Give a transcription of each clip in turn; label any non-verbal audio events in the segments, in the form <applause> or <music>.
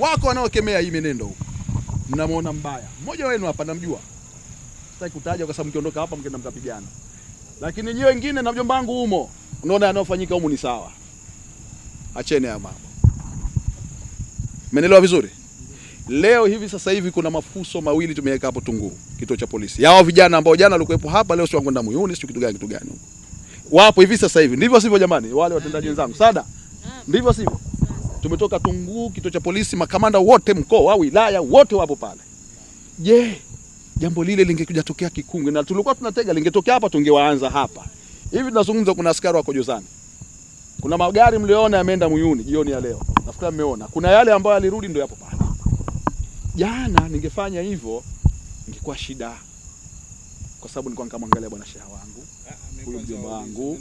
wako wanaokemea hii menendo huko, mnamwona mbaya. Mmoja wenu hapa namjua, sitaki kutaja kwa sababu mkiondoka hapa mkienda mkapigana, lakini nyie wengine na mjomba wangu humo, unaona yanayofanyika humu ni sawa. Acheni haya mambo, menelewa vizuri? Leo hivi sasa hivi kuna mafuso mawili tumeweka hapo Tunguu, kituo cha polisi. Hao vijana ambao jana walikuwepo hapa leo, sio kwenda Muyuni, sio kitu gani kitu gani, wapo hivi sasa hivi, ndivyo sivyo? Jamani, wale watendaji wenzangu, sada, ndivyo sivyo? tumetoka Tunguu, kituo cha polisi, makamanda wote mkoa, wilaya wote wapo pale. Je, Jambo lile tokea Kikungwe na tulikuwa tunatega lingetokea hapa, tungewaanza hapa hivi tunazungumza. Kuna askari wako Jozani, kuna magari mlioona yameenda Muyuni jioni ya leo, nafikiri mmeona. Kuna yale ambayo alirudi ndio yapo pale. Jana ningefanya hivyo ingekuwa shida, kwa sababu nilikuwa nikamwangalia bwana sheha wangu huyu mjomba wangu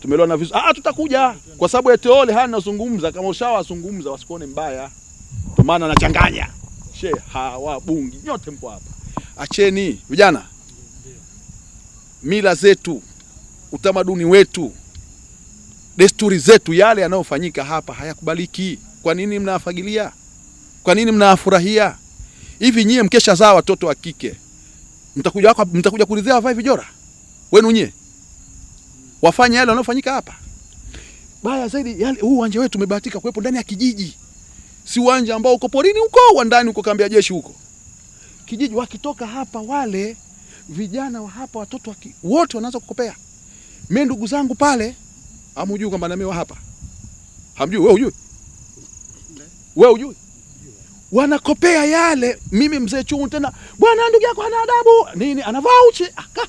tumelewa na vizuri. Ah, tutakuja kwa sababu eteole hana nazungumza kama ushawazungumza wasikuone mbaya, kwa maana anachanganya she hawa bungi nyote mpo hapa. Acheni vijana, mila zetu, utamaduni wetu, desturi zetu, yale yanayofanyika hapa hayakubaliki. Kwa nini mnafagilia? Kwa nini mnafurahia Hivi nyie mkesha zaa watoto wa kike mtakuja, mtakuja kulizea wavae vijora? wenu nyie wafanye yale yanayofanyika hapa. Baya zaidi yale, huu uwanja wetu umebahatika kuwepo ndani ya kijiji, si uwanja ambao uko porini huko wa ndani huko, kambi ya jeshi huko kijiji. Wakitoka hapa wale vijana wa hapa, watoto waki, wote wanaanza kukopea. Mimi ndugu zangu pale, hamjui kwamba na mimi wa hapa, hamjui wewe, hujui wewe, hujui wanakopea yale. Mimi mzee chungu tena, bwana ndugu yako ana adabu nini, anavaa uchi akaa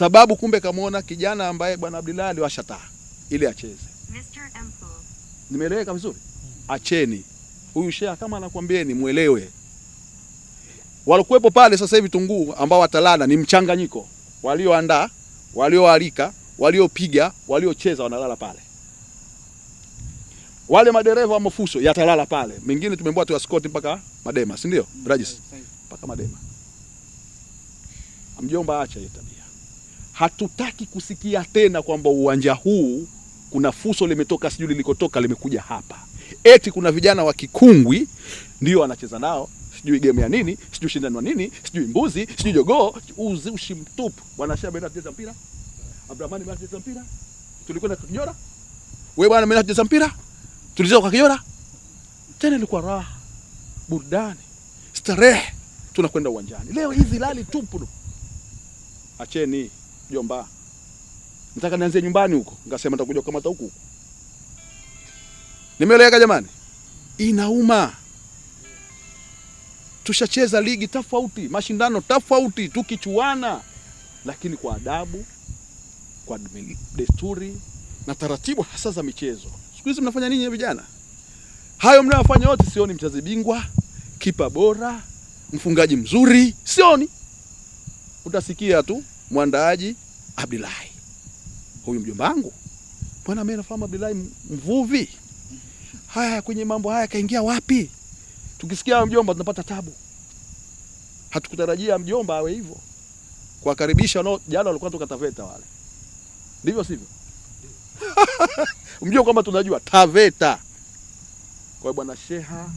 sababu kumbe kamwona kijana ambaye bwana Abdullah aliwasha taa ili acheze. Nimeeleweka vizuri? Acheni huyu sheha kama anakwambieni, mwelewe. Walikuwepo pale sasa hivi tunguu ambao watalala ni mchanganyiko, walioandaa, walioalika, waliopiga, waliocheza wanalala pale. Wale madereva wa mafuso yatalala pale, mengine tumemboa tu askoti mpaka Madema, si ndio? Mm, Rajis mpaka Madema. Mjomba, acha hiyo tabia hatutaki kusikia tena kwamba uwanja huu kuna fuso limetoka sijui lilikotoka limekuja hapa, eti kuna vijana wa kikungwi ndio wanacheza nao sijui game ya nini sijui shindano ya nini sijui mbuzi sijui jogoo, uzushi mtupu. Bwana Shaba anacheza mpira, Abdurahmani anacheza mpira, tulikwenda kijora, we bwana mimi nacheza mpira, tulicheza kwa kijora tena, ilikuwa raha, burudani, starehe, tunakwenda uwanjani. Leo hizi lali tupu. Acheni. Jomba, nataka nianzie nyumbani huko, nikasema nitakuja kukamata huku huku. Nimeeleweka jamani? Inauma, tushacheza ligi tofauti, mashindano tofauti, tukichuana, lakini kwa adabu, kwa desturi na taratibu hasa za michezo. Siku hizi mnafanya nini vijana? Hayo mnayofanya yote sioni. Mchezaji bingwa, kipa bora, mfungaji mzuri, sioni. Utasikia tu mwandaaji Abdilahi, huyu mjomba wangu bwana, mimi nafahamu Abdilahi mvuvi. Haya, kwenye mambo haya kaingia wapi? Tukisikia mjomba tunapata tabu, hatukutarajia mjomba awe hivyo kuwakaribisha no. Jana walikuwa toka Taveta wale, ndivyo sivyo? <laughs> Mjua kwamba tunajua Taveta kwa bwana Sheha